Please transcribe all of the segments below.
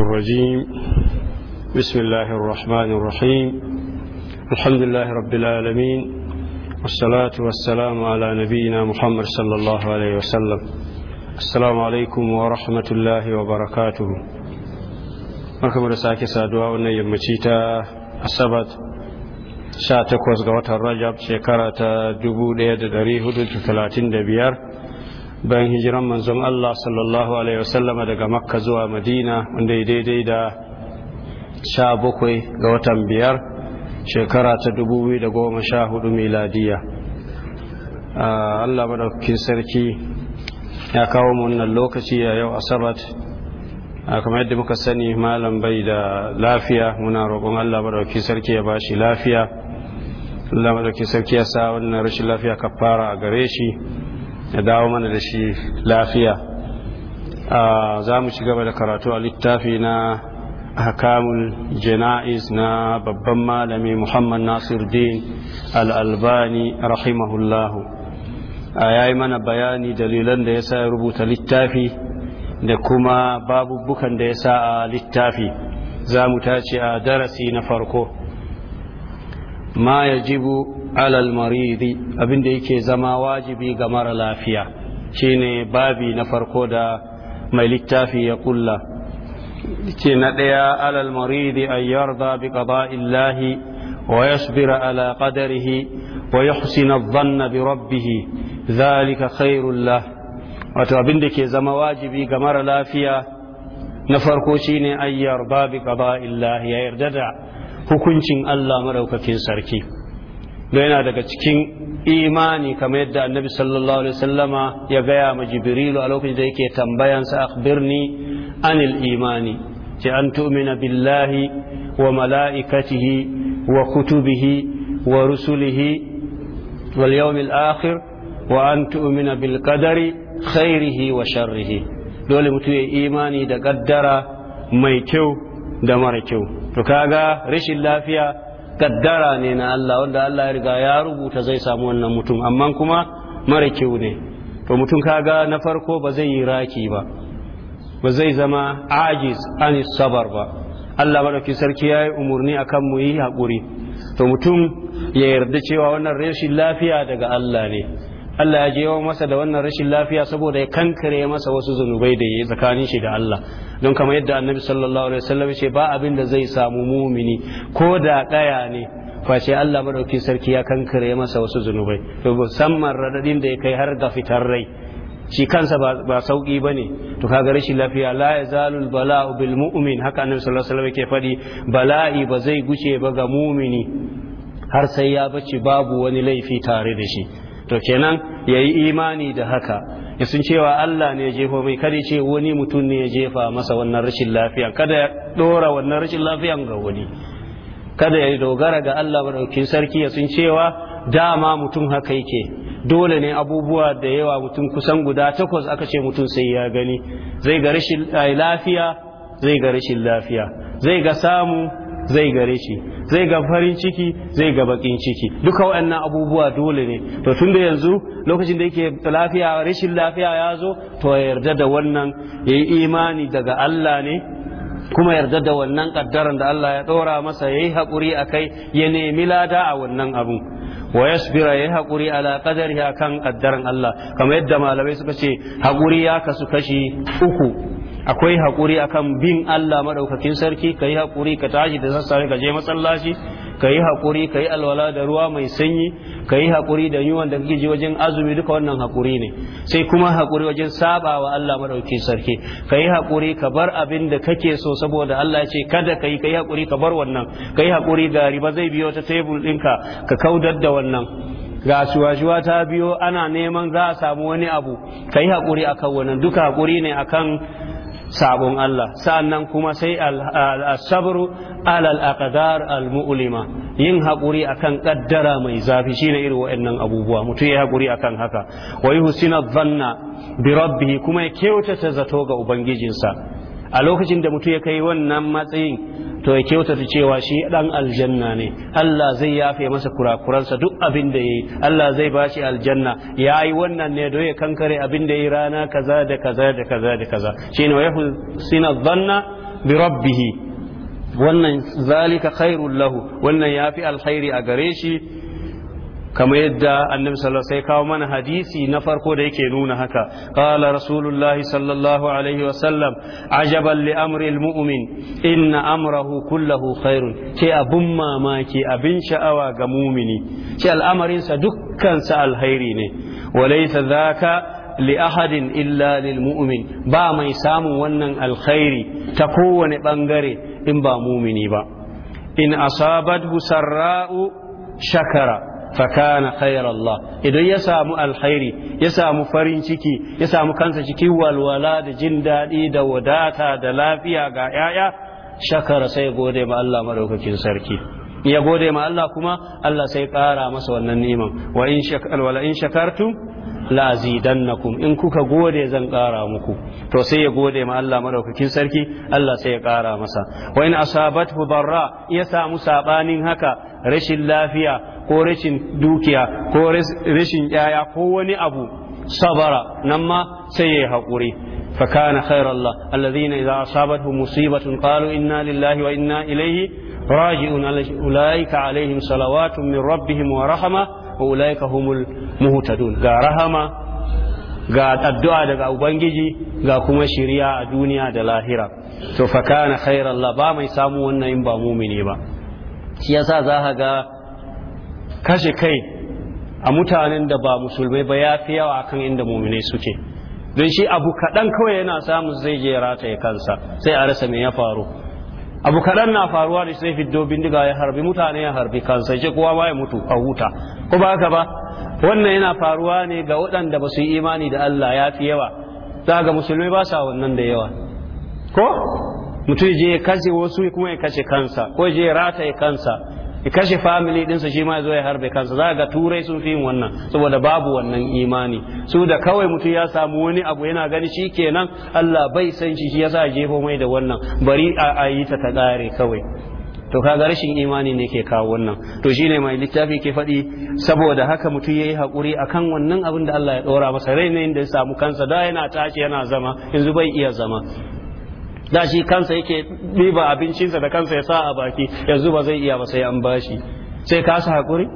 الرجيم بسم الله الرحمن الرحيم الحمد لله رب العالمين والصلاة والسلام على نبينا محمد صلى الله عليه وسلم السلام عليكم ورحمة الله وبركاته مركم رساك سادوا ونيم مشيتا السبت شاتك وزغوة الرجب شكرة دبو ليد دريه دلت ثلاثين دبيار bayan hijiran manzon Allah sallallahu alaihi wasallama daga makka zuwa madina wanda ya daidai da sha bakwai ga watan biyar shekara ta dubu biyu da goma sha hudu miladiya Allah madaukakin sarki ya kawo mu wannan lokaci a yau asabat kamar yadda muka sani malam bai da lafiya muna roƙon Allah madaukakin sarki ya bashi lafiya Allah madaukakin sarki ya sa wannan rashin lafiya kafara a gare shi ya dawo mana da shi lafiya za mu ci gaba da karatu a littafi na hakamun jana'iz na babban malami muhammad nasiruddin al'albani rahimahullahu a yayi mana bayani dalilan da ya sa ya rubuta littafi da kuma babubukan da ya sa a littafi za mu tace a darasi na farko ma ya jibu alal maridi abinda yake zama wajibi ga mara lafiya shine babi na farko da mai littafi ya kulla ce na ɗaya alal maridi an yarda bi illahi, wa yasbira ala qadarihi wa yahsina dhanna bi rabbih dhalika khairul lah wato abinda ke zama wajibi ga mara lafiya na farko shine an babi bi illahi, ya yarda da hukuncin Allah madaukakin sarki don yana daga cikin imani kamar yadda annabi sallallahu alaihi wasallama ya gaya ma jibrilu a lokacin da yake tambayansa akhbirni anil imani ce an tu'mina billahi wa mala'ikatihi wa kutubihi wa rusulihi wal yawmil akhir wa an tu'mina bil qadari khairihi wa sharrihi dole mutum ya imani da kaddara mai kyau da mara kyau to kaga rashin lafiya kaddara ne na Allah wanda Allah ya riga ya rubuta zai samu wannan mutum amma kuma mara kyau ne to mutum kaga na farko ba zai yi raki ba ba zai zama ajiz an sabar ba Allah madauki sarki ya yi umarni akan mu yi haƙuri to mutum ya yarda cewa wannan rashin lafiya daga Allah ne Allah ya je yawan masa da wannan rashin lafiya saboda ya kankare masa wasu zunubai da ya yi tsakanin shi da Allah don kama yadda annabi sallallahu alaihi wasallam ce ba abin da zai samu mumini ko da ɗaya ne Fashe Allah madauki sarki ya kankare masa wasu zunubai to musamman radadin da ya kai har ga fitar rai shi kansa ba sauki ba ne to kaga rashin lafiya la ya zalul bala'u bil mu'min haka annabi sallallahu alaihi wasallam ke faɗi bala'i ba zai guce ba ga mumini har sai ya bace babu wani laifi tare da shi to kenan yayi imani da haka ya sun cewa Allah ne ya jefa mai kada ce wani mutum ne ya jefa masa wannan rashin lafiya kada ya dora wannan rashin lafiyan ga wani kada ya dogara ga Allah madaukakin sarki ya sun cewa dama mutum haka yake dole ne abubuwa da yawa mutum kusan guda takwas aka ce mutum sai ya gani zai ga rashin eh, lafiya zai ga rashin lafiya zai ga samu zai gare shi zai ga farin ciki zai ga bakin ciki duka waɗannan abubuwa dole ne to tun da yanzu lokacin da yake lafiya rashin lafiya ya zo to ya yarda da wannan ya yi imani daga Allah ne kuma yarda da wannan kaddaran da Allah ya ɗora masa ya yi haƙuri a kai ya nemi lada a wannan abun wa yasbira ya yi haƙuri ala kadari a kan kaddaran Allah kamar yadda malamai suka ce haƙuri ya kasu kashi uku akwai haƙuri akan bin Allah maɗaukakin sarki ka yi haƙuri ka tashi da sassare ka je masallaci ka yi haƙuri ka alwala da ruwa mai sanyi ka yi haƙuri da yiwuwan da kake ji wajen azumi duka wannan haƙuri ne sai kuma haƙuri wajen saba wa Allah maɗaukakin sarki ka yi haƙuri ka bar abin da kake so saboda Allah ya ce kada ka yi ka haƙuri ka bar wannan ka yi haƙuri ga riba zai biyo ta tebul ɗinka ka kaudar da wannan ga shuwa ta biyo ana neman za a samu wani abu ka yi haƙuri akan wannan duka haƙuri ne akan sabon Allah sannan kuma sai al-sabru alal aqdar al yin hakuri akan kaddara mai zafi shine irin wa'annan abubuwa mutum ya hakuri akan haka wa husina dhanna bi rabbih kuma ya kyautata zato ga ubangijinsa a lokacin da mutum ya kai wannan matsayin to ya kyautata cewa shi dan aljanna ne Allah zai yafe masa kurakuransa duk abin da yayi Allah zai bashi aljanna yayi wannan ne do ya kankare abin da yayi rana kaza da kaza da kaza da kaza shine wa yahsina dhanna bi rabbih wannan zalika khairul lahu wannan yafi alkhairi a gare shi kamar yadda annabi sallallahu sai kawo mana hadisi na farko da yake nuna haka qala rasulullahi sallallahu alaihi wa sallam ajaban li amri almu'min inna amrahu kullahu khairun ce abun mamaki abin sha'awa ga mumini ce al'amarin sa dukkan sa alkhairi ne walaysa dhaka li ahadin illa lil mu'min ba mai samun wannan alkhairi ta kowane bangare in ba mumini ba in asabathu sarra'u shakara fakana khairallah idan ya samu alkhairi ya samu farin ciki ya samu kansa ciki walwala da jin daɗi da wadata da lafiya ga 'ya'ya shakara sai gode ma Allah madaukakin sarki ya gode ma Allah kuma Allah sai ƙara masa wannan ni'imar wa in shakartum lazidannakum in kuka gode zan kara muku to sai ya gode ma Allah madaukakin sarki Allah sai ya kara masa wa in asabathu darra ya samu sabanin haka rashin lafiya ko rashin dukiya ko rashin yaya ko wani abu sabara nan ma sai ya yi haƙuri فكان خير الله الذين musibatun أصابته inna lillahi إنا لله وإنا إليه راجعون أولئك عليهم صلوات من wa ورحمة wa ulaika humul muhtadun ga rahama ga addu'a daga ubangiji ga kuma shiriya a duniya da lahira to fa kana khairan la ba mai samu wannan in ba mumini ba shi yasa za ka ga kashe kai a mutanen da ba musulmai ba yafi yawa akan inda mumini suke don shi abu kaɗan kawai yana samun zai je ya kansa sai a rasa me ya faru abu kaɗan na faruwa da sai fiddo bindiga ya harbi mutane ya harbi kansa ce kowa ma ya mutu a huta ko ba haka ba wannan yana faruwa ne ga waɗanda ba su yi imani da Allah ya fi yawa za ga musulmi ba sa wannan da yawa ko mutum je ya kashe wasu kuma ya kashe kansa ko je ya rataye kansa ya kashe family dinsa shi ma ya zo ya harbe kansa za ga turai sun fi yin wannan saboda babu wannan imani su da kawai mutum ya samu wani abu yana gani shi kenan Allah bai san shi shi yasa jefo mai da wannan bari a yi ta ta kare kawai to kaga rashin imani ne ke kawo wannan to shine mai littafi ke faɗi saboda haka mutum yayi hakuri akan wannan abin da Allah ya ɗora masa rai ne inda ya samu kansa da yana tashi yana zama yanzu bai iya zama da shi kansa yake ɗiba abincinsa da kansa ya sa a baki yanzu ba zai iya ba sai an bashi sai ka sa hakuri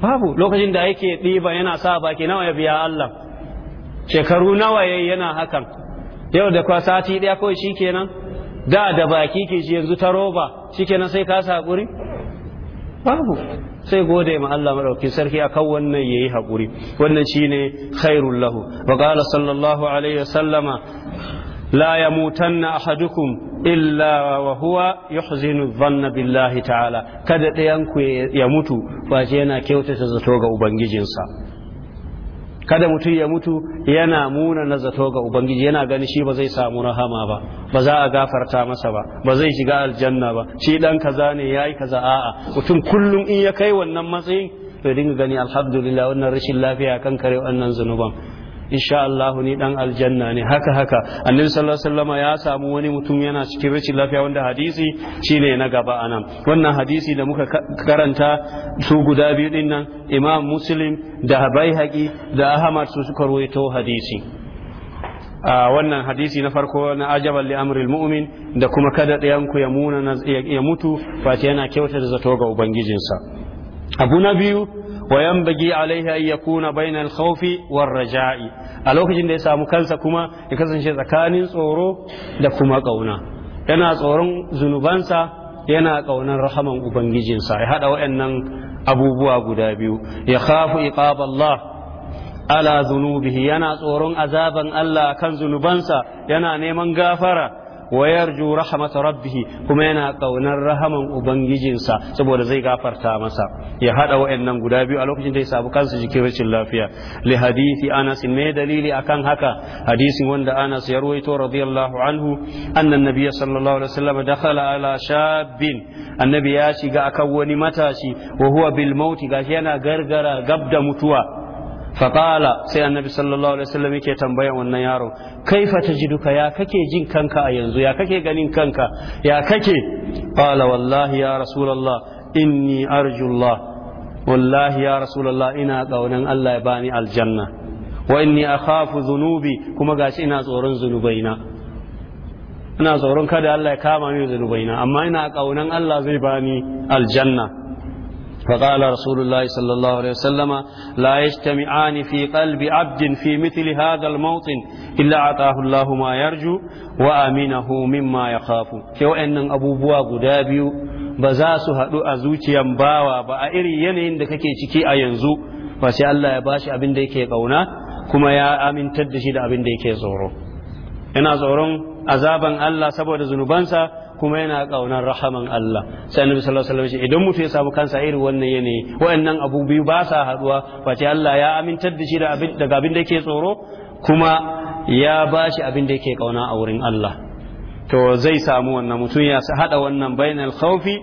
babu lokacin da yake ɗiba yana sa a baki nawa ya biya Allah shekaru nawa yayi yana hakan yau da kwa sati ɗaya kawai kenan da da baki ke ji yanzu ta roba shikenan sai ka sa hakuri babu sai gode ma Allah maɗauki sarki akan wannan ya yi haƙuri wannan shine ne lahu wa ƙala sallallahu alaihi wasallama la ya yamutanna ahadukum illa wa huwa yuhzinu zanna billahi ta'ala kada ɗayan ku ya mutu face yana kyautata zato ga ubangijinsa kada mutum ya mutu yana muna na zato ga ubangiji yana gani shi ba zai samu rahama ba ba za a gafarta masa ba ba zai shiga aljanna ba shi dan kaza ne yayi kaza a'a mutum kullum in ya kai wannan matsayin to dinga gani alhamdulillah wannan rashin lafiya kan kare wannan zunuban insha Allah ni dan aljanna ne haka haka annabi sallallahu alaihi wasallam ya samu wani mutum yana cikin rashin lafiya wanda hadisi shine na gaba anan wannan hadisi da muka karanta su guda biyu din nan imam muslim da baihaqi da ahmad su suka rawaito hadisi a wannan hadisi na farko na li amril mu'min da kuma kada ɗayanku ya mutu face yana kyautar zato ga ubangijinsa abu na biyu wa yanbaghi alaihi an yakuna bainal khawfi war raja'i a lokacin da ya samu kansa kuma ya kasance tsakanin tsoro da kuma kauna yana tsoron zunubansa yana kaunar rahaman ubangijinsa ya hada waɗannan abubuwa guda biyu ya khafu iqab Allah ala zunubihi yana tsoron azaban Allah kan zunubansa yana neman gafara Wayar yarju rahmata rabbih kuma yana ƙaunar rahaman ubangijinsa saboda zai gafarta masa ya hada wayannan guda biyu a lokacin da ya sabu kansa jikin rashin lafiya li hadisi Anas me dalili akan haka hadisin wanda Anas ya ruwaito radiyallahu anhu anna sallallahu alaihi wasallam dakhala ala shabin annabi ya shiga akan wani matashi wa huwa bil mauti gashi yana gargara gab da mutuwa faƙala sai annabi sallallahu alaihi wasallam yake tambayan wannan yaron ji duka ya kake jin kanka a yanzu ya kake ganin kanka ya kake qala wallahi ya rasulallah inni arjullah wallahi ya rasulallah ina kaunan Allah ya bani aljanna wa inni akhafu dhunubi kuma gashi ina tsoron zunubaina ina tsoron kada Allah ya kama ni zunubaina amma ina kaunan Allah zai bani aljanna فقال رسول الله صلى الله عليه وسلم لا يجتمعان في قلب عبد في مثل هذا الموطن إلا أعطاه الله ما يرجو وأمنه مما يخاف كيو أن أبو بوا قدابيو بزاس هدو أزوتي ينباوا بأئري ينين دككي تكي أينزو فسي الله يباشي أبن ديكي قونا كما يا أمن تدشي أبن ديكي زورو ina tsoron azaban Allah saboda zunubansa kuma yana kaunar rahaman Allah sai annabi sallallahu alaihi wasallam idan mutum ya samu kansa irin wannan yanayi wayannan abu biyu ba sa haduwa face Allah ya amintar da shi daga abin da yake tsoro kuma ya bashi abin da yake kauna a wurin Allah to zai samu wannan mutum ya hada wannan bainal khawfi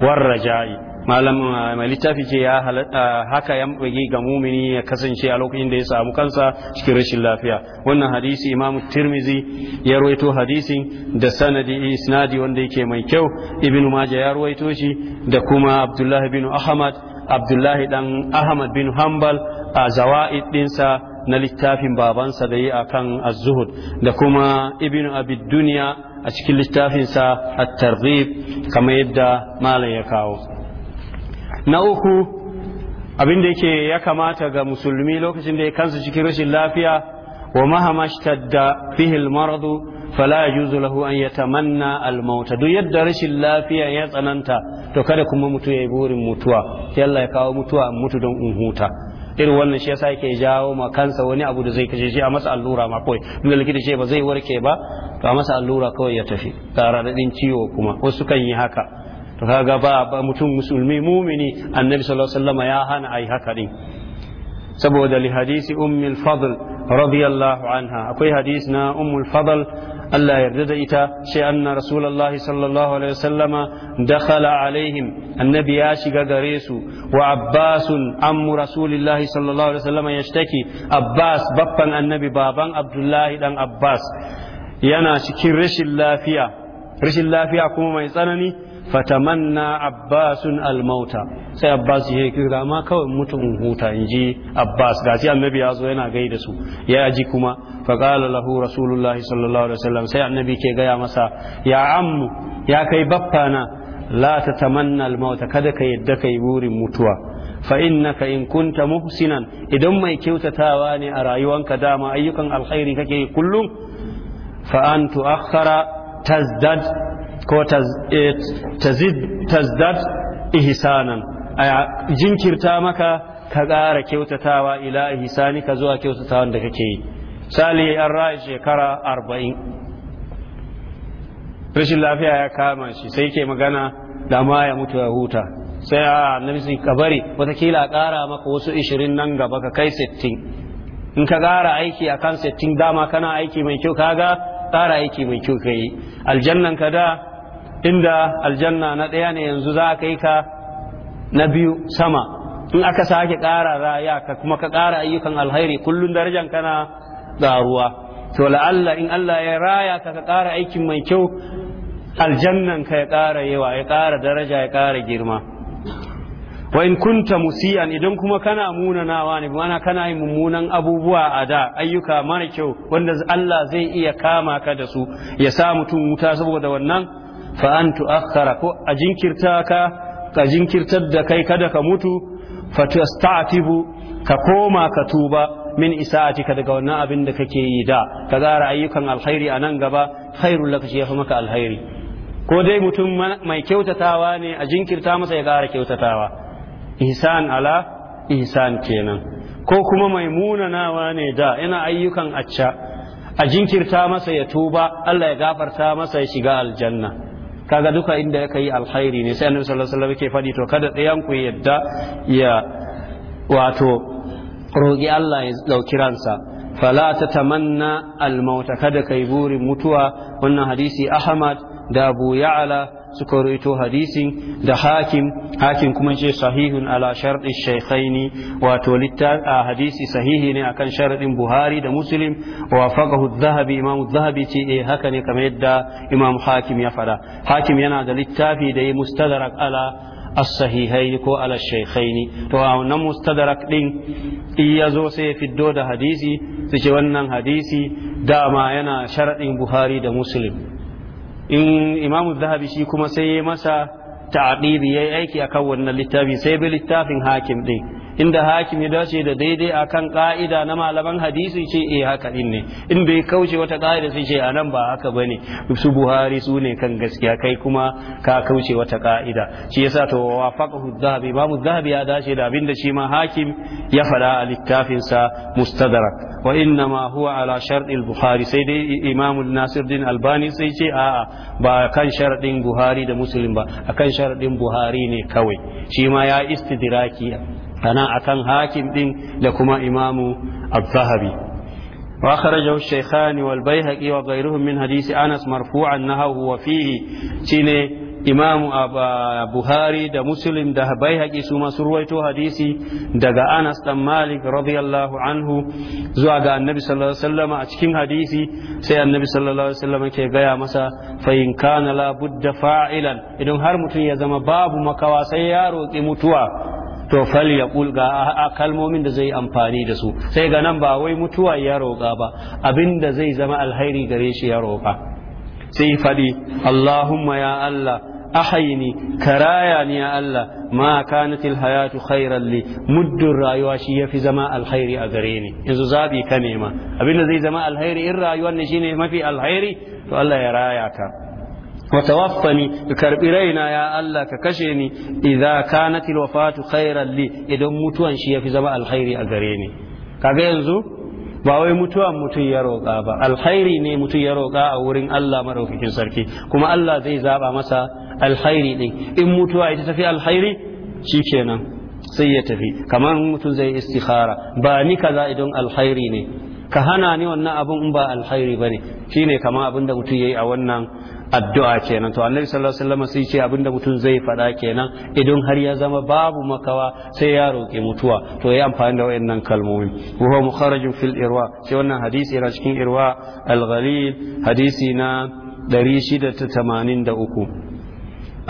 war raja'i malam ah, mai littafi ce ya ah, haka ya bagi ga mumini ya kasance a lokacin da ya samu kansa cikin rashin lafiya wannan hadisi imamu tirmizi ya ruwaito hadisin da sanadi isnadi wanda yake mai kyau ibnu majah ya ruwaito shi da kuma abdullahi bin ahmad abdullahi dan ahmad bin hanbal a zawa'id dinsa na littafin babansa da yi akan az da kuma ibnu abid duniya a cikin littafinsa at-targhib kamar yadda malam ya kawo na uku abinda yake ya kamata ga musulmi lokacin da ya kansu cikin rashin lafiya wa mahama da fihi maradu fala yajuzu lahu an yatamanna al-maut duk yadda rashin lafiya ya tsananta to kada kuma mutu ya yi burin mutuwa sai Allah ya kawo mutuwa mutu don in huta irin wannan shi yasa yake jawo ma kansa wani abu da zai kaje shi a masa allura ma kawai duk likita ce ba zai warke ba to a masa allura kawai ya tafi ga radadin ciwo kuma wasu kan yi haka kaga ba mutum musulmi mumini annabi sallallahu alaihi wasallam ya hana ai haka din saboda li hadisi ummul fadl radiyallahu anha akwai hadisi na ummul fadl Allah yarda da ita sai anna rasulullahi sallallahu alaihi wasallama dakhala alaihim annabi ya shiga gare su wa abbasun ammu rasulillahi sallallahu alaihi wasallama yashtaki abbas babban annabi baban abdullahi dan abbas yana cikin rashin lafiya rashin lafiya kuma mai tsanani fatamanna abbasun almauta sai abbas ya kira ma kawai mutu in huta in ji abbas ga sai annabi ya zo yana gaida su ya ji kuma faqala lahu rasulullahi sallallahu alaihi wasallam sai annabi ke gaya masa ya ammu ya kai baffana la tatamanna almauta kada ka yadda kai burin mutuwa fa innaka in kunta muhsinan idan mai kyautatawa ne a rayuwarka dama ayyukan alkhairi kake kullum fa an tuakhkhara tazdad ko tazdad e, ihsanan a jinkirta maka ka ƙara kyautatawa ila ihsani ka zuwa kyautatawan da kake yi sali an rayu shekara arba'in rashin lafiya ya kama shi sai ke magana da ma ya mutu ya huta sai a annabi sun ka bari watakila a ƙara maka wasu 20 nan gaba ka kai sittin in ka ƙara aiki akan kan sittin dama kana aiki mai kyau kaga ƙara aiki mai kyau ka yi aljannan ka da inda aljanna na ɗaya ne yanzu za ka yi ka na biyu sama in aka sake ƙara raya ka kuma ka ƙara ayyukan alhairi kullum darajan kana ƙaruwa to la'alla in Allah ya raya ka ka ƙara aikin mai kyau aljannan ka ya ƙara yawa ya ƙara daraja ya ƙara girma wa in kunta musiyan idan kuma kana munanawa ne kana yin mummunan abubuwa a da ayyuka mara kyau wanda Allah zai iya kama ka da su ya sa mutum wuta saboda wannan fa an tu'akhkhara ko a ka ka jinkirtar da kai kada ka mutu fa tasta'tibu ka koma ka tuba min ka daga wannan abin da kake yi da ka gara ayyukan alkhairi a nan gaba khairul laka shi fi maka alkhairi ko dai mutum mai kyautatawa ne a jinkirta masa ya gara kyautatawa isan ala ihsan kenan ko kuma mai munanawa ne da yana ayyukan acca a jinkirta masa ya tuba Allah ya gafarta masa ya shiga aljanna kaga duka inda ya yi alkhairi ne sai annabi sallallahu alaihi wasallam yake fadi to kada ɗayan ku yadda ya wato roƙi Allah ya dauki ransa fala tamanna almauta kada kai burin mutuwa wannan hadisi Ahmad da abu ya'ala suka ruwaito hadisin da hakim hakim kuma ce sahihun ala sharɗi shaikhaini wato a hadisi sahihi ne akan sharaɗin buhari da muslim wa faqahu zahabi imam zahabi ce eh haka ne kamar yadda imam hakim ya fada hakim yana da littafi da ya mustadrak ala as-sahihaini ko ala shaykhaini to a wannan mustadrak din in ya zo sai ya fiddo da hadisi su ce wannan hadisi dama yana sharadin buhari da muslim in imamu zahabi shi kuma sai ya masa ta'adili ya yi aiki a akan wannan littafin sai bi littafin hakim ɗin inda hakim ya dace da daidai akan ka'ida na malaman hadisi ce eh haka din ne in bai kauce wata ka'ida sai ce anan ba haka bane su buhari su ne kan gaskiya kai kuma ka kauce wata ka'ida shi yasa to wafaqahu dhahabi imam dhahabi ya dace da abinda shi ma hakim ya fada a littafin sa mustadrak wa inna ma huwa ala shart al sai dai imam din albani sai ce a'a ba kan sharadin buhari da muslim ba akan sharadin buhari ne kawai shi ma ya istidraki ana akan hakim ɗin da kuma imamu az-zahabi wa akhrajahu shaykhani wal bayhaqi wa ghayruhum min hadisi anas marfu'an nahahu wa fihi shine imam buhari da muslim da bayhaqi su ma surwaito hadisi daga anas dan malik radiyallahu anhu zuwa ga annabi sallallahu alaihi a cikin hadisi sai annabi sallallahu alaihi ke gaya masa fa in kana fa'ilan idan har mutum ya zama babu makawa sai ya roki mutuwa to fal ya a kalmomin da zai amfani da su sai ga nan ba wai mutuwa ya roƙa ba abin da zai zama alhairi gare shi ya roƙa sai faɗi Allahumma ya Allah ahaini karaya ni ya Allah ma kanatil hayatu khairan li muddin rayuwa shi yafi zama alhairi a gare ni yanzu zabi ka nema abin da zai zama alhairi in rayuwar ne shine mafi alhairi to Allah ya raya ka wa tawaffani ka karbi raina ya Allah ka kashe ni idza kanat alwafatu khairan li idan mutuwan shi yafi zama alkhairi a gare ni kaga yanzu ba wai mutuwan mutum ya roƙa ba alkhairi ne mutum ya roƙa a wurin Allah madaukakin sarki kuma Allah zai zaba masa alkhairi din in mutuwa ita tafi alkhairi kenan sai ya tafi kamar mutum zai istikhara ba ni kaza idan alkhairi ne ka hana ni wannan abun in ba alkhairi bane shine kamar abin da mutum yayi a wannan addu'a kenan to annabi sallallahu alaihi wasallam sai ce abinda mutum zai faɗa kenan idan har ya zama babu makawa sai ya roƙi mutuwa to ya amfani da wayannan kalmomi huwa mukharrajun fil irwa sai wannan hadisi yana cikin irwa al-ghalil hadisi na 683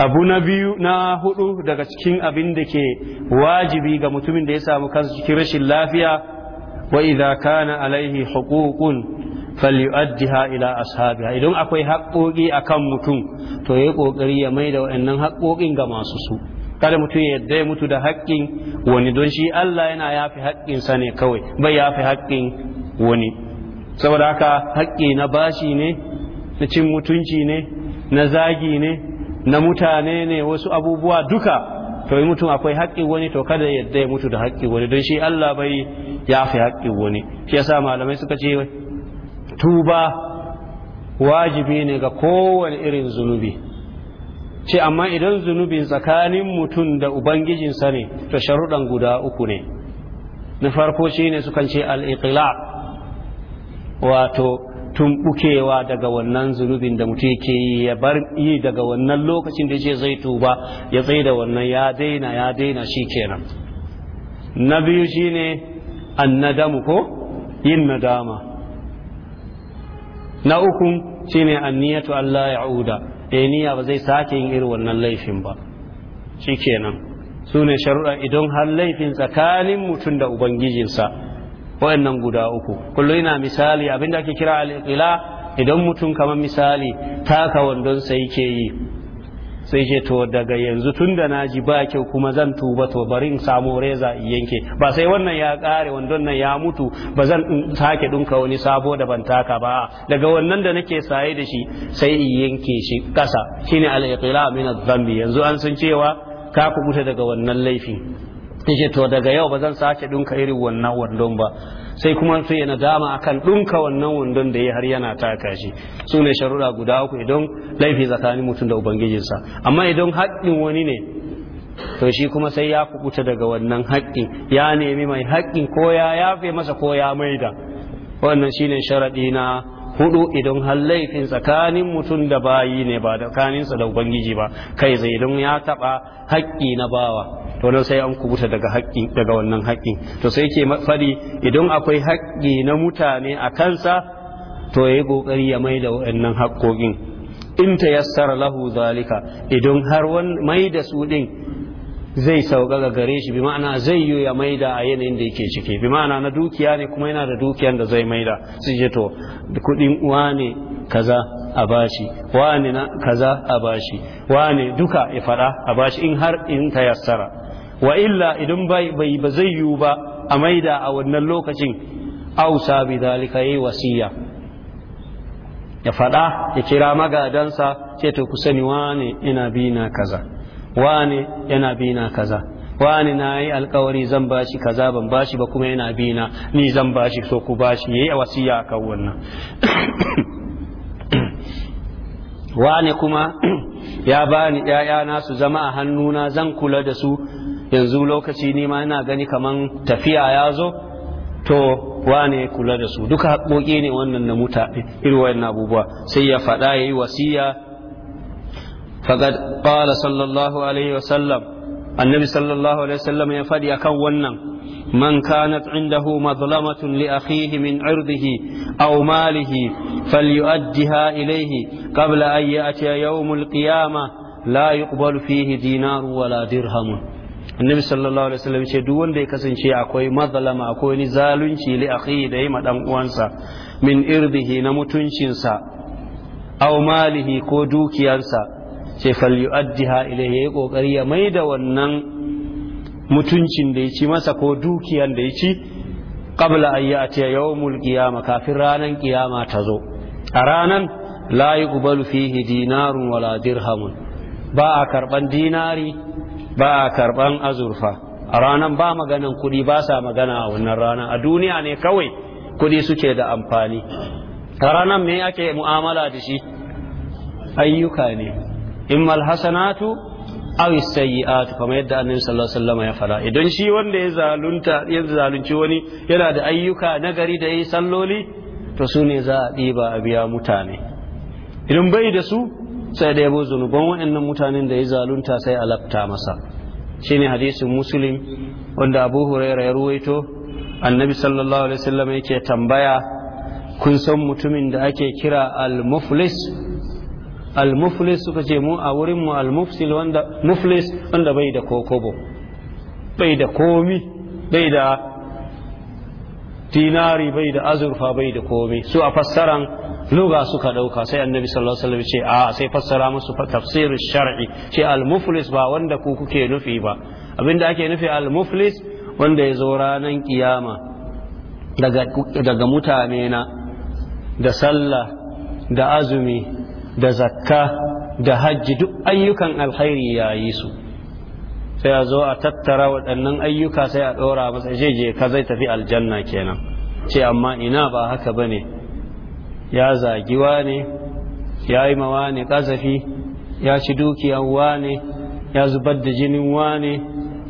abu na biyu na hudu daga cikin abin da ke wajibi ga mutumin da ya samu kansa cikin rashin lafiya wa idza kana alaihi huququn falyu'addiha ila ashabiha idan akwai haƙoƙi akan mutum to yayi kokari ya maida waɗannan haƙoƙin ga masu su kada mutum ya yadda ya mutu da haƙƙin wani don shi Allah yana yafi haƙƙin sa ne kawai bai yafi haƙƙin wani saboda haka haƙƙi na bashi ne na cin mutunci ne na zagi ne na mutane ne wasu abubuwa duka to yi mutum akwai haƙƙin wani to kada yadda ya mutu da haƙƙin wani don shi Allah bai yafi haƙƙin wani shi yasa malamai suka ce tuba wajibi ne ga kowane irin zunubi ce amma idan zunubin tsakanin mutum da ubangijinsa ne to sharuɗan guda uku ne na farko shi ne sukan ce al'iƙila wato tumɓukewa daga wannan zunubin da mutum ke yi ya bar yi daga wannan lokacin da ce zai tuba ya tsaye da wannan ya daina ya daina shi kenan na biyu shi ne an nadamu ko yin nadama na uku shine anniyatu Allah ya'uda eh niyya ba zai sake yin irin wannan laifin ba shi shikenan su ne sharuɗa idan har laifin tsakanin mutum da ubangijinsa wayannan guda uku kullum ina misali abinda ake kira al'ila idan mutum kamar misali taka wandonsa yake yi sai ce to daga yanzu tun da na ji ba kyau kuma zan tuba to bari in samo reza in yanke ba sai wannan ya kare wandon nan ya mutu ba zan sake dunka wani sabo da ban taka ba daga wannan da nake saye da shi sai in yanke shi ƙasa shine al-iqla min adh-dhanbi yanzu an san cewa ka kubuta daga wannan laifin yake to daga yau ba zan sake dunka irin wannan wandon ba sai kuma su ya nadama akan dunka wannan wandon da ya har yana taka shi su ne sharuɗa guda uku idan laifi tsakanin mutum da ubangijinsa amma idan haƙƙin wani ne to shi kuma sai ya kubuta daga wannan haƙƙin ya nemi mai haƙƙin ko ya yafe masa ko ya maida wannan shine sharaɗi na hudu idan har laifin tsakanin mutum da bayi ne ba tsakaninsa da ubangiji ba kai zai idan ya taɓa haƙƙi na bawa to nan sai an kubuta daga haƙƙin daga wannan haƙƙin to sai yake fari idan akwai haƙƙi na mutane a kansa to yayi kokari ya maida wannan haƙƙoƙin in ta yassara lahu zalika idan har mai da su din zai sauka ga gare shi bi ma'ana zai yi ya maida a yanayin da yake ciki bi ma'ana na dukiya ne kuma yana da dukiyan da zai maida su je to kuɗin uwa ne kaza a bashi wane na kaza a bashi wane duka ya faɗa a bashi in har in ta yassara. wa illa idan bai ba zai yiwu ba a maida a wannan lokacin ausa bi dalika yi wasiya ya faɗa ya kira magadansa ce to ku sani wane yana bi na kaza wane yana bi na kaza wani na yi alkawari zan bashi kaza ban bashi ba kuma yana bi na ni zan bashi so ku bashi yayi wasiya kan wannan wani kuma ya bani ‘ya'yana su zama a hannuna zan kula da su yanzu lokaci ni ma ina gani kaman tafiya ya zo to wane kula da su duka haƙoƙi ne wannan na mutane irin wayannan abubuwa sai ya faɗa ya yi wasiya faqad qala sallallahu alaihi wasallam annabi sallallahu alaihi wasallam ya faɗi a kan wannan man kanat indahu madlamatun li akhihi min irdihi aw malihi falyu'addiha ilayhi qabla an ya'tiya yawmul qiyamah la yuqbalu fihi dinar wala dirhamun annabi sallallahu alaihi wasallam ce duk wanda ya kasance akwai mazalama akwai wani zalunci li da da ma dan uwansa min irdihi na mutuncinsa aw malihi ko dukiyarsa ce yu'addiha ilayhi yayi kokari ya mai da wannan mutuncin da yaci masa ko dukiyan da yaci ci qabla an ya'tiya yawmul qiyamah kafin ranan kiyama ta zo a ranan la yuqbalu fihi dinarun wala dirhamun ba a karban dinari ba a karɓan azurfa a ranan ba maganan kuɗi ba sa magana a wannan rana a duniya ne kawai kuɗi suke da amfani a ranan me ake mu'amala da shi ayyuka ne in malhasanatu aw sayyi'atu kamar yadda annabi sallallahu alaihi wasallam ya fara idan shi wanda ya zalunta ya zalunci wani yana da ayyuka nagari da yi salloli to su ne za a ɗiba a biya mutane idan bai da su sai da yabo zunuban waɗannan mutanen da ya zalunta sai a lafta masa shine hadisin musulun wanda abu huraira ya ruwaito annabi sallallahu alaihi wasallam yake tambaya kun san mutumin da ake kira al-muflis al-muflis suka ce mu a wurin mu al-mufsil wanda muflis wanda bai da kokobo bai da komi bai da dinari bai da azurfa bai da komi su a fassaran luga suka ɗauka sai annabi sallallahu alaihi wasallam ce a sai fassara musu tafsirin shar'i ce al-muflis ba wanda ku kuke nufi ba abinda ake nufi al-muflis wanda ya zo ranan kiyama daga mutane na da sallah da azumi da zakka da hajji duk ayyukan alkhairi ya yi su sai a zo a tattara waɗannan ayyuka sai a ɗora masa je je ka zai tafi aljanna kenan ce amma ina ba haka bane ya zagi wane ya yi ma wane ƙazafi ya ci dukiyan wane ya zubar da jinin wane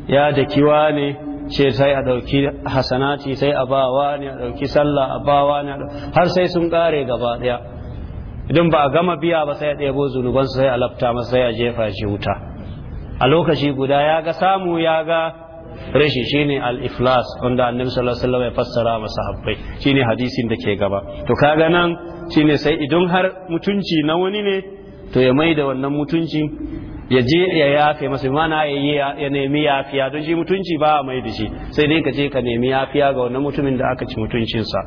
ya kiwa ne ce sai a ɗauki hasanati sai a ba wane a ɗauki sallah a ba wane har sai sun ƙare gaba ɗaya idan ba a gama biya ba sai a ɗebo zunubansu sai a lafta masa sai a jefa shi wuta a lokaci guda ya ga samu ya ga rashi shine al-iflas wanda annabi sallallahu alaihi wasallam ya fassara wa sahabbai shine hadisin da ke gaba to kaga nan shine sai idan har mutunci na wani ne to ya mai wannan mutunci ya je ya yafe masa mana ya nemi yafiya don shi mutunci ba a mai da shi sai dai ka je ka nemi yafiya ga wannan mutumin da aka ci mutuncinsa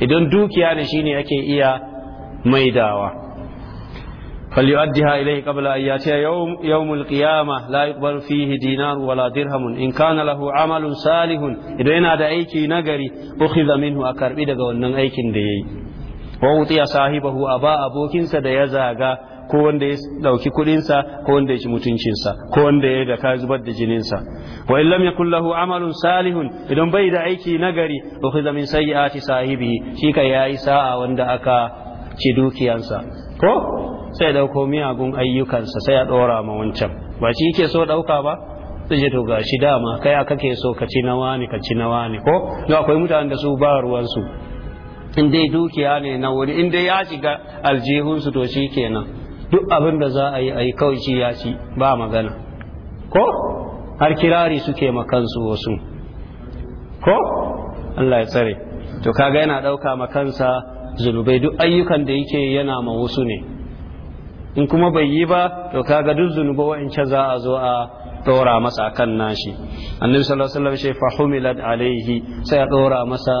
idan dukiya da shi ne ake iya maidawa فليؤديها إليه قبل أن يأتي يوم, يوم القيامة لا يقبل فيه دينار ولا درهم إن كان له عمل صالح إذا هذا أيك نقري أخذ منه أكرب إذا قلنا أيك دي ووطي صاحبه أبا أبوكين سديزاغا ko wanda ya dauki kudinsa ko wanda ya ci mutuncinsa ko wanda ya ka zubar da jininsa wa in lam yakul lahu amalun salihun idan bai da aiki nagari ukhidha min sayyiati sahibi shi ka yayi sa'a wanda aka ci dukiyansa ko sai ya ɗauko miyagun ayyukansa sai ya dora ma wancan ba shi yake so ɗauka ba sai ya to ga shi dama kai aka ke so ka ci na ne ka ci na ne ko ga akwai mutanen da su ba ruwansu in dai dukiya ne na wuri in dai ya shiga aljihunsu to shi kenan duk abin da za a yi a yi kawai shi ya ci ba magana ko har kirari suke ma kansu wasu ko Allah ya tsare to kaga yana ɗauka ma kansa zunubai duk ayyukan da yake yana ma wasu ne in kuma bai yi ba to kaga duk zunuba wa'ince za a zo a ɗora masa kan nashi annabi sallallahu alaihi wasallam shi fa humilat alaihi sai a ɗora masa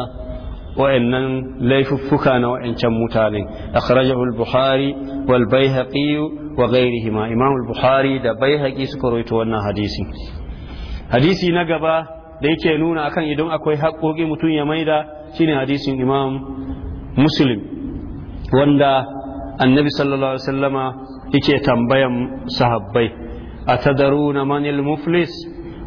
wa'annan laifuffuka na wa'ancan mutane akhrajahu al-bukhari wal baihaqi wa ghayrihima imam al-bukhari da baihaqi suka rawaito wannan hadisi hadisi na gaba da yake nuna akan idan akwai haƙoƙi mutum ya maida shine hadisin imam muslim wanda annabi sallallahu alaihi wasallama yake tambayan sahabbai atadaruna manil muflis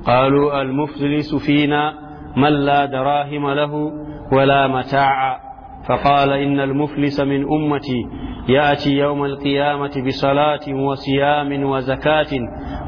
qalu al muflisu fina man la darahima lahu wala mata'a فقال إن المفلس من أمتي يأتي يوم القيامة بصلاة وصيام وزكاة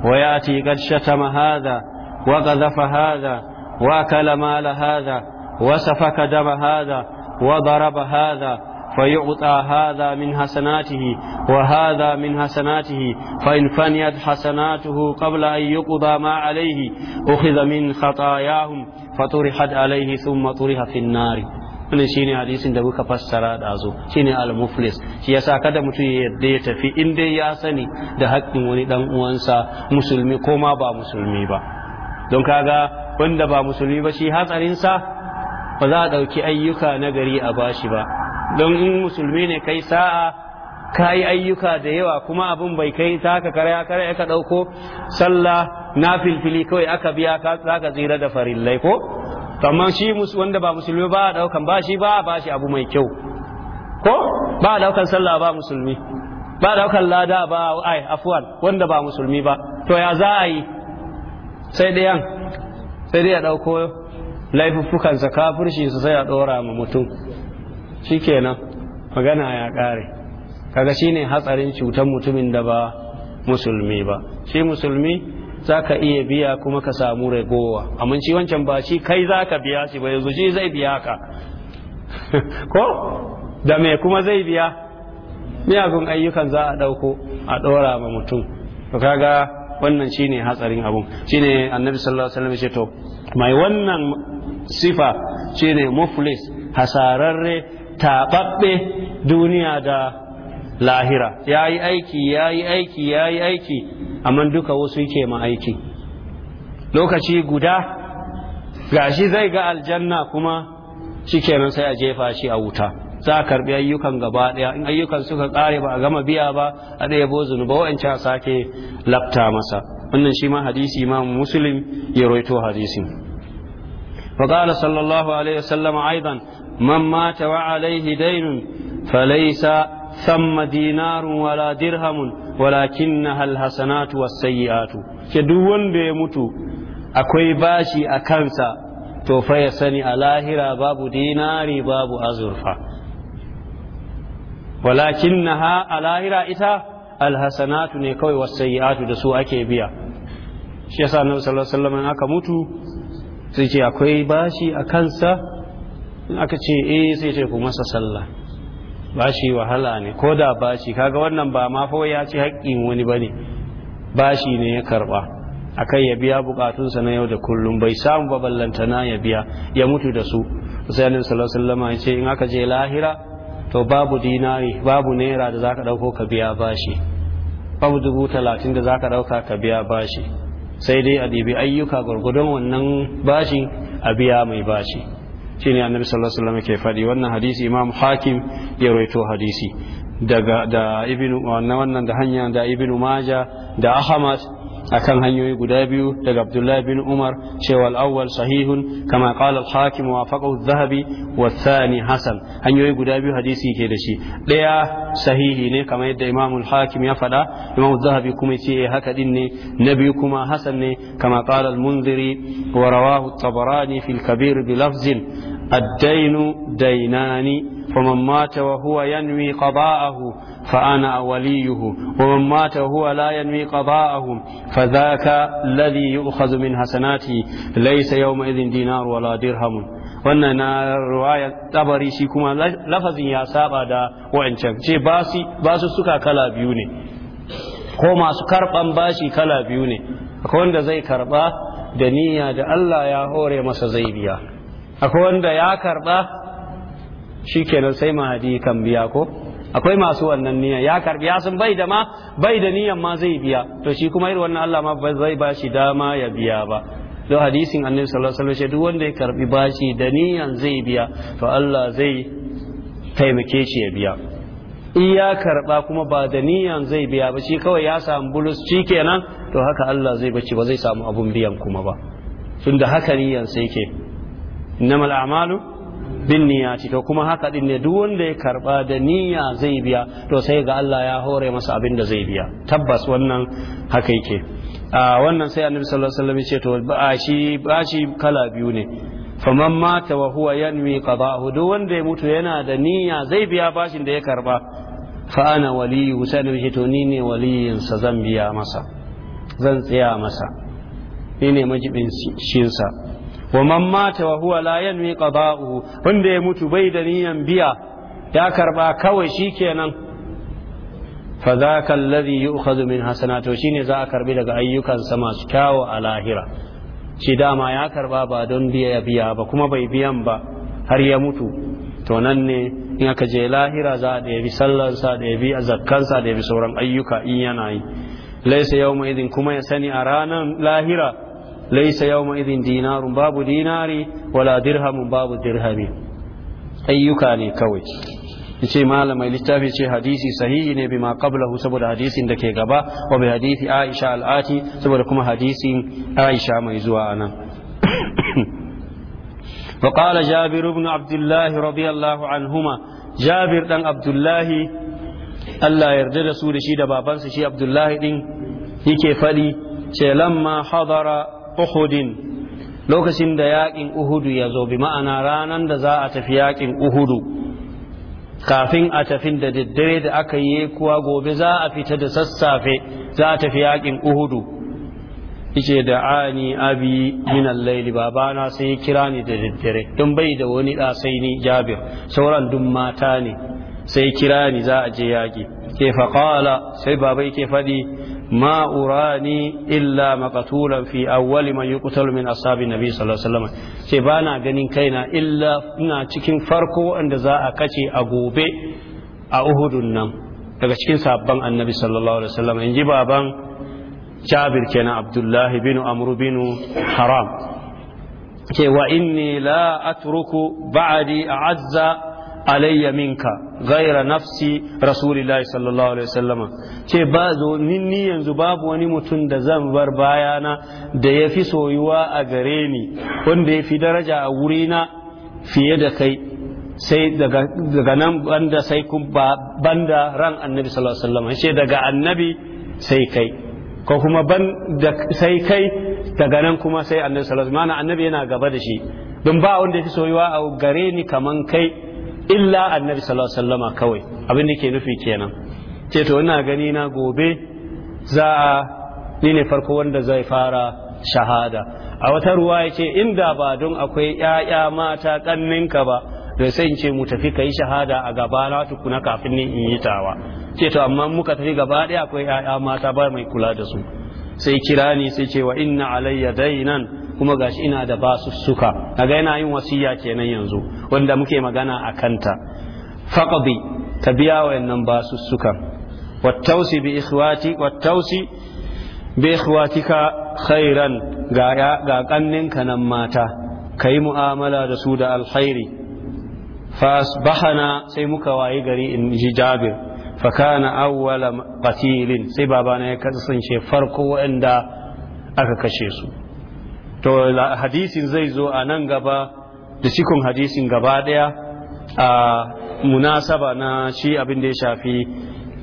ويأتي قد شتم هذا وقذف هذا وأكل مال هذا وسفك دم هذا وضرب هذا فيعطى هذا من حسناته وهذا من حسناته فإن فنيت حسناته قبل أن يقضى ما عليه أخذ من خطاياهم فطرحت عليه ثم طرح في النار wannan shine hadisin da muka fassara da zo shine al-muflis shi yasa kada mutum ya yadda ya tafi in dai ya sani da haƙƙin wani dan uwansa musulmi ko ma ba musulmi ba don kaga wanda ba musulmi ba shi hatsarinsa ba za a ɗauki ayyuka na gari a bashi ba don in musulmi ne kai sa'a ka yi ayyuka da yawa kuma abin bai kai ta haka karya karya ka ɗauko sallah na filfili kawai aka biya ka za ka tsira da farillai ko amma shi wanda ba musulmi ba a ɗaukan ba shi ba ba shi abu mai kyau ko ba a ɗaukan sallah ba musulmi ba a ɗaukan lada ba ai afuwan wanda ba musulmi ba to ya za a yi sai ɗayan sai dai ya ɗauko laifuffukansa kafirci su sai a ɗora ma mutum shi kenan magana ya ƙare kaga shi ne hatsarin cutar mutumin da ba musulmi ba shi musulmi za ka iya biya kuma ka samu ragowa amma shi wancan ba shi kai za ka biya shi ba yanzu shi zai biya ka ko da me kuma zai biya miyagun ayyukan za a ɗauko a ɗora ma mutum to kaga wannan shi ne hatsarin abun ne annabi sallallahu alaihi wasallam ya to mai wannan sifa ne muflis hasararre taɓaɓɓe duniya da lahira ya yi aiki ya yi aiki ya yi aiki amma duka wasu yake ma aiki lokaci guda gashi zai ga aljanna kuma shi kenan sai a jefa shi a wuta za a karbi ayyukan gaba ɗaya. in ayyukan suka kare ba a gama biya ba a ɗaya bo zunuba wa'ancan a sake lafta masa wannan shi ma hadisi imam muslim ya roito hadisin وقال صلى الله عليه وسلم أيضا من مات وعليه دين فليس ثم دينار ولا درهم ولكنها الحسنات والسيئات كدوان بيموتو اكوي باشي اكانسا تو فيسني الاهرا باب ديناري باب ازرفا ولكنها الاهرا إتا الحسنات ne kawai wasayi'atu da su ake biya shi yasa annabi sallallahu alaihi wasallam aka mutu sai ce akwai in aka ce eh sai ce ku masa sallah ba shi wahala ne ko da ba shi kaga wannan ba ma fa ya ci haƙƙin wani bane ba shi ne ya karba akai ya biya bukatunsa na yau da kullum bai samu ba ballantana ya biya ya mutu da su sai annabi sallallahu alaihi wasallam ya ce in aka je lahira to babu dinari babu naira da zaka dauko ka biya bashi babu dubu talatin da zaka dauka ka biya bashi sai dai a ɗibi ayyuka gwargwadon wannan bashi a biya mai bashi shine annabi sallallahu alaihi wasallam ke faɗi wannan hadisi imam hakim ya rawaito hadisi daga da ibnu wannan wannan da hanya da ibnu maja da ahmad akan hanyoyi guda biyu daga abdullahi bin umar cewa al-awwal sahihun kama qala al-hakim wa faqahu adh-dhahabi wa thani hasan hanyoyi guda biyu hadisi ke da shi daya sahihi ne kama yadda imam al-hakim ya fada imam adh-dhahabi kuma yace eh, haka din ne na biyu kuma hasan ne kama qala al-munziri wa rawahu at-tabarani fi al-kabir bi lafzin الدين دينان ومن مات وهو ينوي قضاءه فأنا وليه ومن مات وهو لا ينوي قضاءه فذاك الذي يؤخذ من حسناته ليس يومئذ دينار ولا درهم wannan na ruwaya tabari shi kuma lafazin ya saba da wancan ce basu suka kala biyu ne ko masu karban bashi kala biyu ne akwai wanda zai karba da niyya da Allah ya hore masa zai biya akwai wanda ya karba kenan sai mahadi kan biya ko akwai masu wannan niyya ya karbi ya sun bai da ma bai da niyan ma zai biya to shi kuma irin wannan Allah ma zai ba shi dama ya biya ba don hadisin annabi sallallahu alaihi wasallam duk wanda ya karbi bashi da niyan zai biya to Allah zai taimake shi ya biya in ya karba kuma ba da niyan zai biya ba shi kawai ya samu bulus kenan to haka Allah zai bace ba zai samu abun biyan kuma ba tunda haka niyan sai ke. innamal a'malu bin niyyati to kuma haka ɗin ne duk wanda ya karba da niyya zai biya to sai ga Allah ya hore masa abin da zai biya tabbas wannan haka yake a wannan sai annabi sallallahu alaihi wasallam ce to bashi kala biyu ne faman mata wa huwa duk wanda ya mutu yana da niyya zai biya bashin da ya karba fa ana waliyyu sai annabi ya ce to ni ne sa zan biya masa zan tsaya masa ni ne majibin wa man mata wa huwa la yanwi qada'uhu wanda ya mutu bai da niyan biya ya karba kawai shikenan fa dhaka alladhi yu'khadhu min hasanato shine za a karbi daga ayyukansa masu kyawu a lahira shi dama ya karba ba don biya biya ba kuma bai biyan ba har ya mutu to nan ne in aka je lahira za a ɗebi sallarsa da bi zakkansa da bi sauran ayyuka in yana yi laisa yau mai idin kuma ya sani a ranar lahira laysa yawma irin dinarun babu dinari wala dirhamun babu dirhami ayyuka ne kawai yace malamai littafi ce hadisi sahihi ne bima qablahu saboda hadisin da ke gaba wa bi hadisi Aisha al'ati saboda kuma hadisin Aisha mai zuwa anan وقال جابر بن عبد الله رضي الله عنهما dan بن Allah yarda da su da shi da babansa shi Abdullahi din yake fadi ce lamma hadara uhudin lokacin da yaƙin uhudu ya zo bi ma'ana ranar da za a tafi yaƙin uhudu kafin a tafi da daddare da aka yi kuwa gobe za a fita da sassafe za a tafi yaƙin uhudu ice da ani abi min laili babana sai ya kira ni da daddare don bai da wani ɗa sai ni jabir sauran duk mata ne sai kira ni za a je yaƙi ke faƙala sai babai ke faɗi ما أراني إلا مقتولا في أول من يقتل من أصحاب النبي صلى الله عليه وسلم سيبانا غنين كينا إلا نا تشكين فرقو أن ذا أكتي أقوبي أهد النم daga cikin sabban annabi sallallahu alaihi wasallam in ji baban jabir kenan abdullahi bin amru bin haram ce wa inni la atruku ba'di a'azza alayya minka ghaira nafsi rasulillahi sallallahu alaihi wasallama ce ba zo ni yanzu babu wani mutum da zan bar bayana da ya fi soyuwa a gare ni wanda ya fi daraja a wurina fiye da kai sai daga nan banda sai banda ran annabi sallallahu alaihi wasallama ce daga annabi sai kai ko kuma ban da sai kai daga nan kuma sai annabi sallallahu alaihi wasallam annabi yana gaba da shi don ba wanda fi soyuwa a gare ni kaman kai illa annabi sallallahu alaihi wasallama kawai abin da ke nufi kenan ce to ina gani na gobe za a ni ne farko wanda zai fara shahada a wata ruwa ya ce inda ba don akwai ‘ya'ya mata ƙanninka ba da sai in ce mu tafi ka yi shahada a gaba na tukuna kafin ni in yi tawa ce to amma muka tafi gaba ɗaya akwai ‘ya'ya mata ba mai kula da su sai kira ni sai ce wa inna alayya dainan kuma gashi ina da basussuka kaga yana yin wasiya kenan yanzu wanda muke magana a kanta faqdi ta biya wayannan basussuka wattausi bi ikhwati wattausi bi ikhwatika khairan ga ga kanninka nan mata kai mu'amala da su da alkhairi fasbahana sai muka wayi gari in ji jabir fakana awwala qatilin sai babana ya kasance farko wa'anda aka kashe su to hadisin zai zo a nan gaba da cikin hadisin gaba daya a munasaba na shi abin da ya shafi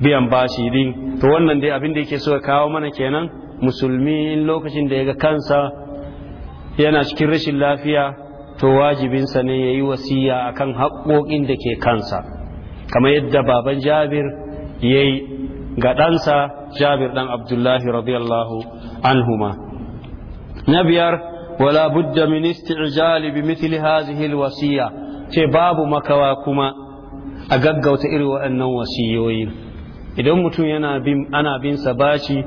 biyan bashi din to wannan dai abin da yake so ya kawo mana kenan musulmi lokacin da ya ga kansa yana cikin rashin lafiya to wajibinsa ne ya yi wasiya kan haƙoƙin da ke kansa kamar yadda baban jabir ya yi ga ɗansa jabir ɗan abdullahi radiyallahu anhuma na biyar wala budda min isti'jali bi mithli hadhihi alwasiya ce babu makawa kuma a gaggauta irin waɗannan wasiyoyi idan mutum yana bin ana bin sa bashi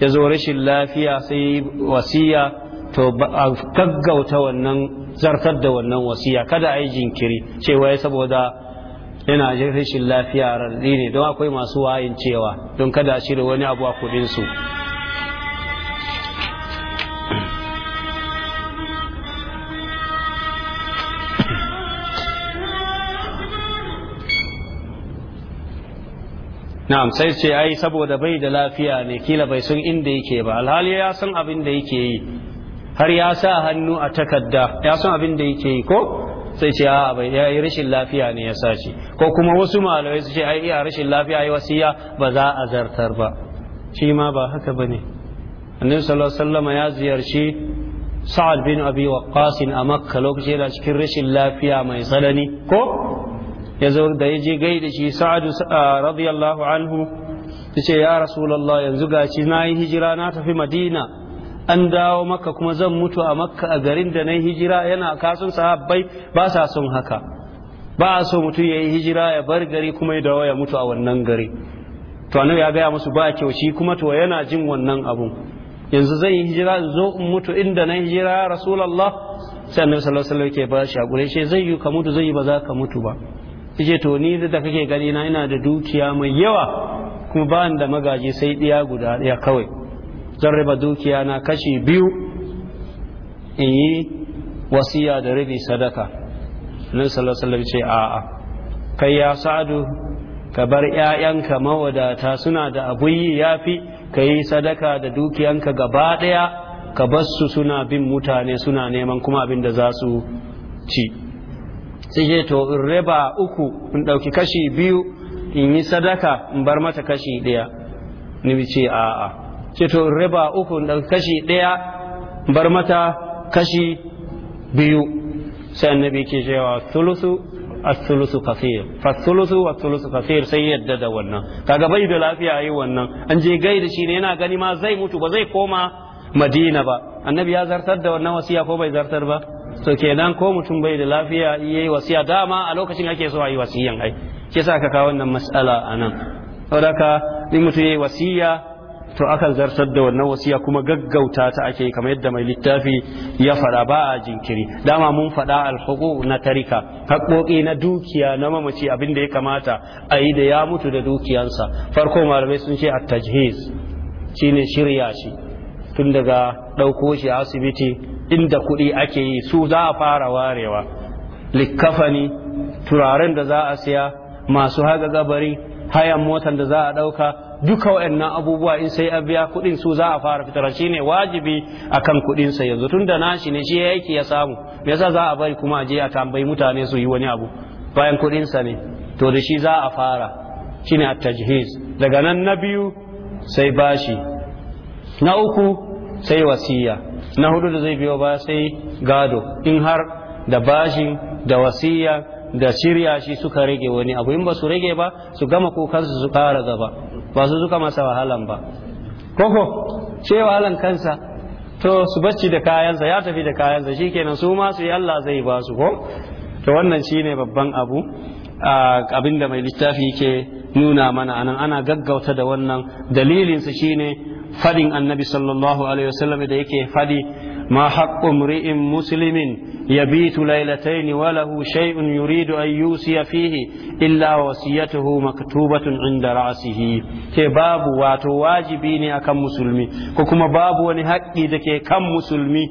ya zo rashin lafiya sai wasiya to a gaggauta wannan zartar da wannan wasiya kada a jinkiri cewa ya saboda yana jin rashin lafiya rarri ne don akwai masu wayin cewa don kada a shirya wani abu a kudinsu na'am sai ce ai saboda bai da lafiya ne kila bai san inda yake ba alhali ya san abin da yake yi har ya sa hannu a takarda ya san abin da yake yi ko sai ce a bai ya yi rashin lafiya ne ya sace ko kuma wasu malamai su ce ai iya rashin lafiya ai wasiya ba za a zartar ba shi ma ba haka bane annabi sallallahu alaihi wasallam ya ziyarci sa'ad bin abi waqqas a makka lokacin da cikin rashin lafiya mai tsanani ko ya zo da ya je gai da shi sa'adu radiyallahu anhu ya ce ya rasulallah yanzu gashi na yi hijira na tafi madina an dawo maka kuma zan mutu a makka a garin da na yi hijira yana kasun sahabbai ba sa son haka ba a so mutum ya yi hijira ya bar gari kuma ya dawo ya mutu a wannan gari to annabi ya gaya masu ba a shi kuma to yana jin wannan abun yanzu zan yi hijira in zo in mutu inda na hijira ya rasulallah sai annabi sallallahu alaihi ke ba shi hakuri shi zai yi ka mutu zai yi ba za ka mutu ba yace to ni da kake gani na ina da dukiya mai yawa kuma ba da magaji sai ɗiya guda ɗaya kawai zan raba dukiya na kashi biyu in yi wasiya da rabi sadaka nan sallallahu ce a'a kai ya sa'adu ka bar 'ya'yanka mawadata suna da abun yi yafi ka yi sadaka da dukiyanka gaba ɗaya ka bar su suna bin mutane suna neman kuma abin da za su ci sai to in raba uku in ɗauki kashi biyu in yi sadaka in bar mata kashi ɗaya ni ce a'a ce to in raba uku in ɗauki kashi ɗaya in bar mata kashi biyu sai annabi ke cewa thuluthu as-thuluthu kathir fa thuluthu wa thuluthu kathir sai yadda da wannan kaga bai da lafiya yi wannan an je gaida shi ne yana gani ma zai mutu ba zai koma Madina ba annabi ya zartar da wannan wasiya ko bai zartar ba to kenan ko mutum bai da lafiya yi wasiya dama a lokacin ake so a yi wasiyan ai shi yasa aka kawo wannan mas'ala anan saboda haka in mutum yi wasiya to akan zartar da wannan wasiya kuma gaggauta ta ake kamar yadda mai littafi ya fada ba a jinkiri dama mun fada alhuqu na tarika haƙoƙi na dukiya na mamaci abin da ya kamata a yi da ya mutu da dukiyansa farko malamai sun ce at-tajhiz shine shirya shi tun daga ɗauko shi asibiti inda kuɗi ake yi su za a fara warewa likkafani turaren da za a siya masu haga gabari hayan motan da za a ɗauka duka waɗannan abubuwa in sai a biya kuɗin su za a fara fitar shi ne wajibi a kan kuɗinsa yanzu tun da nashi ne shi ya yake ya samu me yasa za a bari kuma a je a tambayi mutane su yi wani abu bayan kuɗinsa ne to da shi za a fara ne at tajhiz daga nan na biyu sai bashi na uku sai wasiya na hudu da zai biyo ba sai gado in har da bashi da wasiya da shirya shi suka rage wani abu in ba su rage ba su gama kukansu su kara gaba ba su suka masa wahalan ba koko ce wahalan kansa to su bacci da kayansa ya tafi da kayansa shi kenan su ma su yi Allah zai ba su ko to wannan shine babban abu abinda mai littafi ke nuna mana anan ana gaggauta da wannan dalilinsa shine fadin annabi sallallahu alaihi wasallam da yake fadi ma haqqu mri'in muslimin yabitu laylatayn wa lahu shay'un yuridu an yusiya fihi illa wasiyatuhu maktubatun inda ra'sihi ke babu wato wajibi ne akan musulmi ko kuma babu wani haƙƙi da ke kan musulmi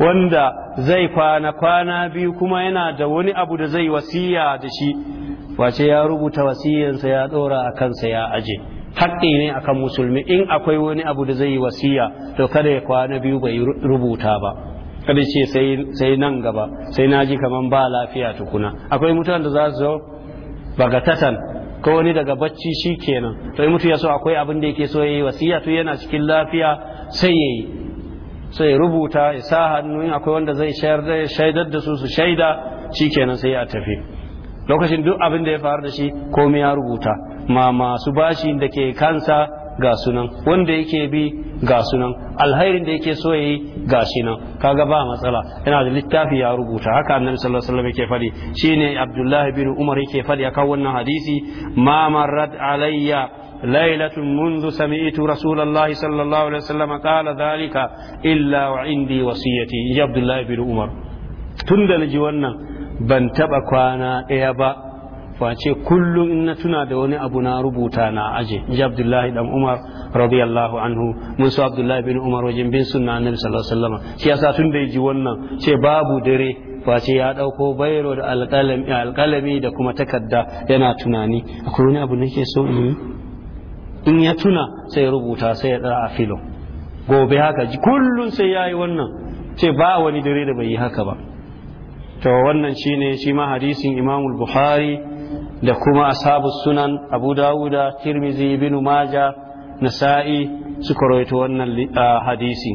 wanda zai kwana kwana biyu kuma yana da wani abu da zai wasiya da shi wace ya rubuta wasiyansa ya ɗora a kansa ya aje haƙƙi ne akan musulmi in akwai wani abu da zai yi wasiya to kada ya kwana biyu bai rubuta ba kada ce sai nan gaba sai na ji kaman ba lafiya tukuna akwai mutanen da za su zo bagatatan ko wani daga bacci shi kenan to in mutu ya so akwai abin da yake so ya yi wasiya to yana cikin lafiya sai ya yi sai rubuta ya sa hannu in akwai wanda zai shaidar da su su shaida shi kenan sai ya tafi lokacin duk abin da ya faru da shi komai ya rubuta ma masu da ke kansa ga sunan wanda yake bi ga sunan alhairin da yake so yayi ga shi nan kaga ba matsala yana da littafi ya rubuta haka annabi sallallahu alaihi wasallam yake fadi shine abdullahi bin umar yake fadi akan wannan hadisi ma marrat alayya ليلة منذ سمعت رسول الله صلى الله عليه وسلم قال ذلك إلا وعندي وصيتي يا عبد الله بن عمر تندل جوانا ban taɓa kwana ɗaya ba face kullum in na tuna da wani abu na rubuta na aje ji abdullahi dan umar radiyallahu anhu mun so abdullahi bin umar wajen bin sunna annabi sallallahu alaihi wasallam shi yasa tun da ji wannan ce babu dare face ya dauko bairo da alqalami da kuma takarda yana tunani akwai wani abu nake so in in ya tuna sai rubuta sai ya tsara a filo gobe haka kullum sai yayi wannan ce ba wani dare da bai yi haka ba to wannan shine shi ma hadisin imamul bukhari da kuma ashabu sunan abu dawuda tirmizi ibn maja nasa'i su rawaito wannan hadisi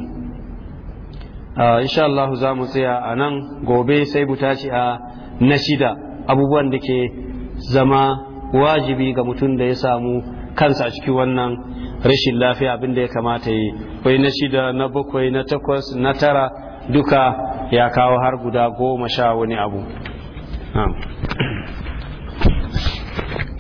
insha Allah za mu tsaya a nan gobe sai mu tashi a na shida abubuwan da ke zama wajibi ga mutum da ya samu kansa a cikin wannan rashin lafiya abin da ya kamata yi kwai na shida na bakwai na takwas na tara duka ya kawo har guda goma sha wani abu